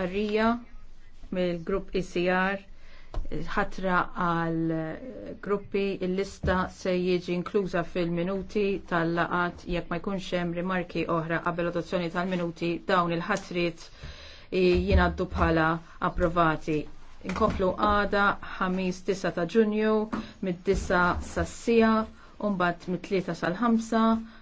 stqarrija mill-grupp ICR e ħatra għal gruppi il-lista se jiġi inkluża fil-minuti tal-laqat jekk ma jkunx hemm rimarki oħra qabel adozzjoni tal-minuti dawn il-ħatriet jingħaddu bħala approvati. Inkomplu għada ħamis 9 ta' Ġunju mid-9 sas-sija u mbagħad mit-3 sal-5